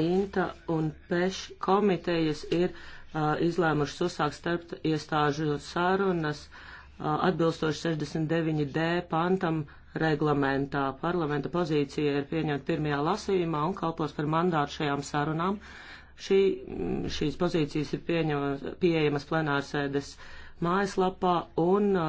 INTA un PEŠ komitejas ir uh, izlēmušas uzsākt starp iestāžu sarunas uh, atbilstoši 69D pantam reglamentā. Parlamenta pozīcija ir pieņemta pirmajā lasījumā un kalpos par mandātu šajām sarunām. Šī, mm, šīs pozīcijas ir pieņem, pieejamas plenārsēdes mājaslapā un uh,